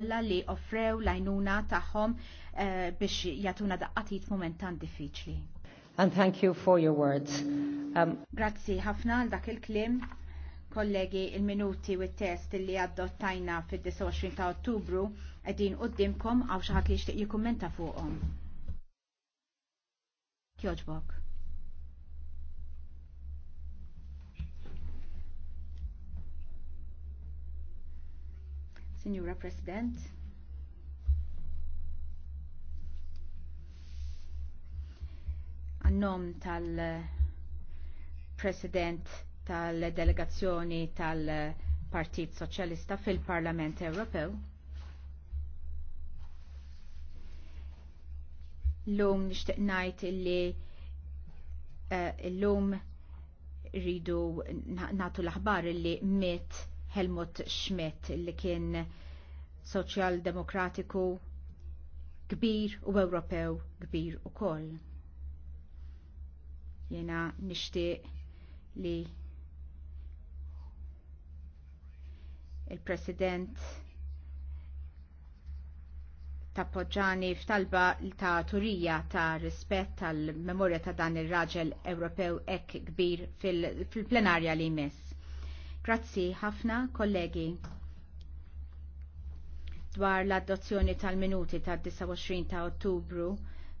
kollha li offrew l-għajnuna tagħhom uh, biex jagħtuna daqqatit momentan diffiċli. And thank you for your words. Um... Grazzi ħafna għal dak il-klim. Kollegi, il-minuti u il-test li għaddottajna fid-29 ta' Ottubru qegħdin dimkom għaw xi ħadd li jixtieq jikkummenta fuqhom. Kjoġbok. Signora President, għannom tal-President tal-Delegazzjoni tal-Partit Soċjalista fil-Parlament Ewropew. L-lum nishtiq najt illi uh, l-lum rridu natu l-aħbar illi mit Helmut Schmidt li kien soċjal-demokratiku kbir u Ewropew kbir u koll. Jena nishtiq li il-President tappoġġani f'talba ta' turija ta' rispett tal-memorja ta' dan ir-raġel Ewropew ek kbir fil-plenarja li jmiss. Grazzi ħafna kollegi dwar l-adozzjoni tal-minuti tad-29 ta' Ottubru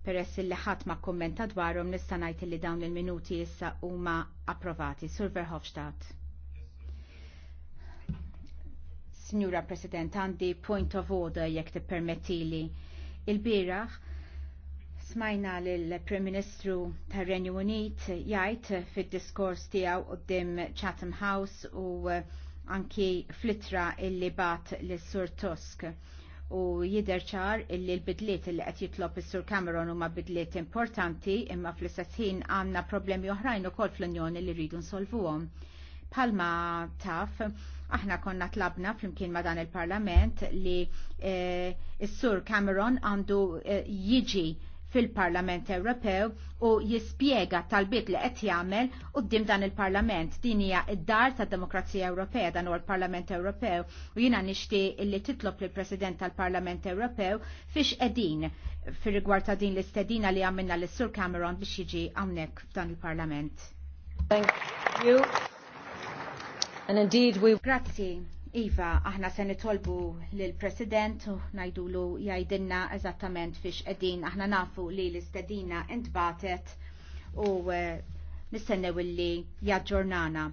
peress il ħadd ma kommenta dwarhom nista' ngħid li dawn il-minuti issa huma approvati. Sur Verhofstadt. Signora President, għandi point of order jekk tippermettili. Il-bieraħ smajna l-Prim Ministru tar renju Unit jgħid fid-diskors tiegħu dim Chatham House u uh, anki flittra illi bat l-Sur Tusk u jiderċar illi l-bidliet illi qed jitlob is-Sur Cameron huma bidliet importanti imma fl-istess ħin għandna problemi oħrajn ukoll fl-Unjoni li rridu nsolvuhom. Palma taf, aħna konna tlabna flimkien ma dan il-parlament li eh, s-sur Cameron għandu eh, jiġi fil-Parlament Ewropew u jispjega tal-bit li qed jagħmel quddiem dan il-Parlament. Din hija id-dar tad-Demokrazija Ewropea dan huwa l-Parlament Ewropew u jiena nixtieq li titlob lill President tal-Parlament Ewropew fiex qegħdin fir-rigward ta' din l-istedina li għamilna lis sur Cameron biex jiġi hawnhekk f'dan il-Parlament. Thank you. And indeed we... Grazie. Iva, aħna se nitolbu lill president u najdulu jajdinna eżattament fiex edin. Aħna nafu li l-istedina intbatet u eh, nistennew li jaġġornana.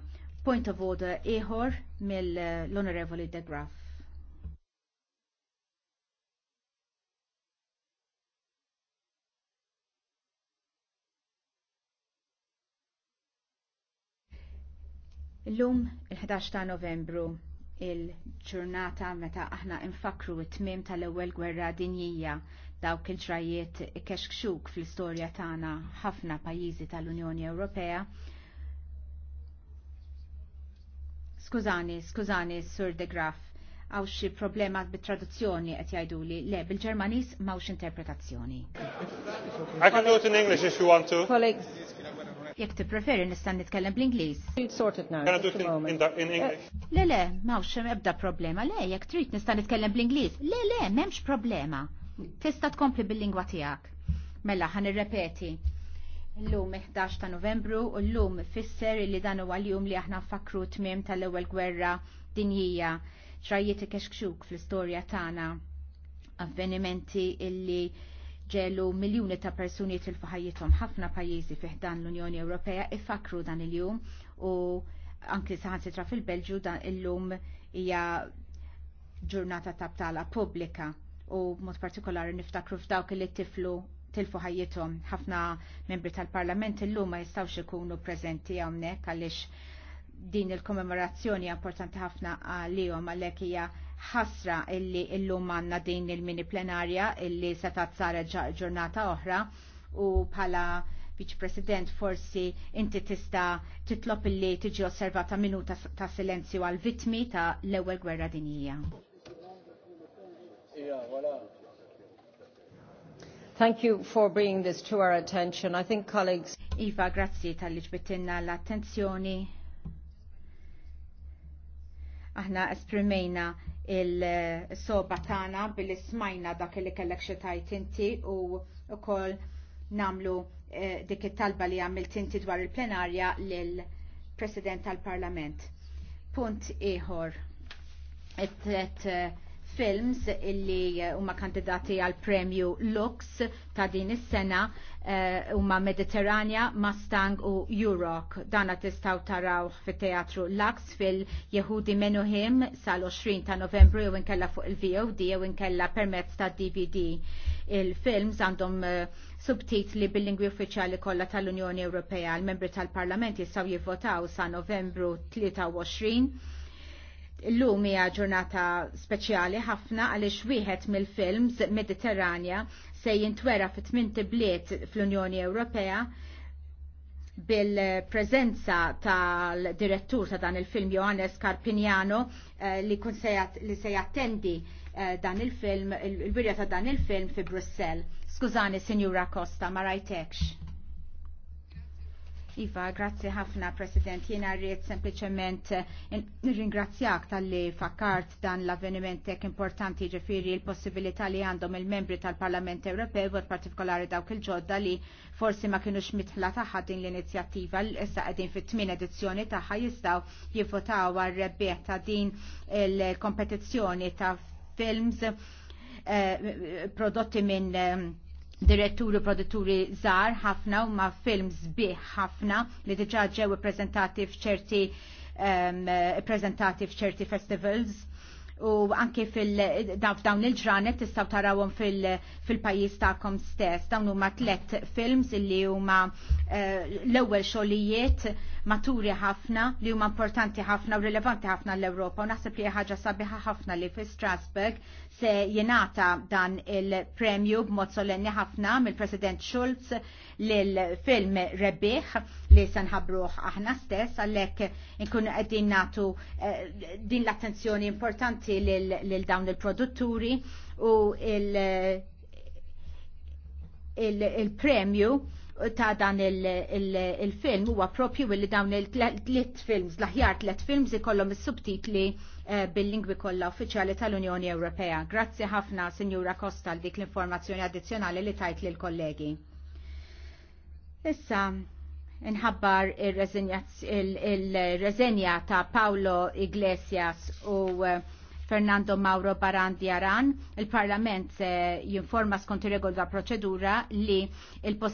Point of order iħor mill-Honorevoli de Graf. Illum il-11 ta' novembru il-ġurnata meta aħna infakru it-tmim tal-ewwel gwerra dinjija dawk il-ġrajiet kexkxuk fl-istorja tagħna ħafna pajjiżi tal-Unjoni Ewropea. Skużani, skużani, Sur de Graf, għaw xi problema bit-traduzzjoni qed jgħiduli le bil-Ġermaniż mawx interpretazzjoni. I can do it in English if you want to. Colleagues, Jek ti preferi nistan nitkellem bl-Inglis. Uh, le le, mawx ebda problema. Le, jek trid nistan nitkellem bl-Inglis. Le le, memx problema. Tista tkompli bil-lingwa tijak. Mela, ħan irrepeti. L-lum 11 ta' novembru u l-lum fisser li dan huwa l-jum li aħna nfakru tmiem tal-ewwel gwerra dinjija trajiet ikexxuk fl-istorja tagħna avvenimenti illi ġelu miljoni ta' persuni til-faħajietom ħafna pajjiżi fiħdan l-Unjoni Ewropea ifakru dan il-jum u anki saħansitra fil-Belġu dan il-lum hija ġurnata ta' btala pubblika u mod partikolari niftakru f'dawk li tiflu tilfu ħajjithom ħafna membri tal-Parlament illum ma jistawx ikunu preżenti hawnhekk għaliex din il-kommemorazzjoni importanti ħafna għalihom għalhekk hija ħasra illi illum għanna din il-mini plenarja illi setat sara ġurnata oħra u bħala Vice President forsi inti tista titlop illi tiġi osservata minuta ta' silenzju għal vitmi ta' l-ewwel gwerra dinija. Thank you for bringing this to our attention. I think colleagues... Iva, grazzi tal-li ġbittinna l-attenzjoni aħna esprimejna il-soba tagħna billi smajna dak li kellek xi tajt inti u wkoll namlu eh, dik it-talba li għamilt inti dwar il-plenarja lil President tal-Parlament. Punt ieħor. Et, et, eh, films illi eh, huma kandidati għal premju Lux ta' din is-sena eh, huma uh, Mediterranea, Mustang u Euroc. Dana tistaw taraw fit-teatru Lux fil-Jehudi Menuhim sal-20 ta' Novembru jew inkella fuq il-VOD jew inkella permezz ta' DVD. Il-films għandhom uh, subtitli bil-lingwi uffiċjali kollha tal-Unjoni Ewropea. L-membri tal-Parlament jistgħu jivvotaw sa' Novembru 23 Illum hija ġurnata speċjali ħafna għaliex wieħed mill-films Mediterranja se jintwera fit tminti bliet fl-Unjoni Ewropea bil-prezenza tal-direttur ta' dan il-film Johannes Carpignano eh, li kun li se jattendi eh, dan il-film, il-wirja ta' dan il-film fi Brussell. Skużani, Sinjura Costa, ma rajtekx. Iva, grazzi ħafna, President. Jena rrit sempliciment eh, ringrazzjak tal-li fakkart dan l-avveniment tek importanti ġifiri l-possibilità li għandhom il-membri tal-Parlament Ewropew, u partikolari dawk il-ġodda li forsi ma kienux mitħla taħħa din l-inizjattiva l issa għedin fit tmien edizzjoni taħħa jistaw jifotaw għal-rebbieħ ta' din il-kompetizzjoni ta' films eh, prodotti minn eh, diretturi u produtturi żgħar ħafna u ma' film sbieħ ħafna li diġa' ġew ippreżentati f'ċerti um, ehm, prezentati f'ċerti festivals u anke fil-dawn il-ġranet tistaw tarawhom fil-pajjiż tagħkom stess. Dawn huma tlett films illi huma eh, l-ewwel xogħlijiet maturi ħafna li huma importanti ħafna u rilevanti ħafna l-Ewropa u naħseb li ħaġa sabiħa ħafna li fi Strasbourg se jingħata dan il-premju b'mod solenni ħafna mill-President Schulz l-film Rebbieħ li sanħabruħ aħna stess għallek nkun għeddin natu eh, din l-attenzjoni importanti lil dawn il-produtturi u il-premju ta' dan il-film huwa propju li dawn il-tlet films, l-aħjar tlet films ikollhom is-subtitli eh, bil-lingwi kollha uffiċjali tal-Unjoni Ewropea. Grazzi ħafna, Sinjura Costa, dik l-informazzjoni addizzjonali li tajt lil kollegi. Issa, nħabbar il-reżenja il ta' Paolo Iglesias u eh, Fernando Mauro Barandi Aran, il-Parlament eh, jinforma skont ir-regola proċedura li il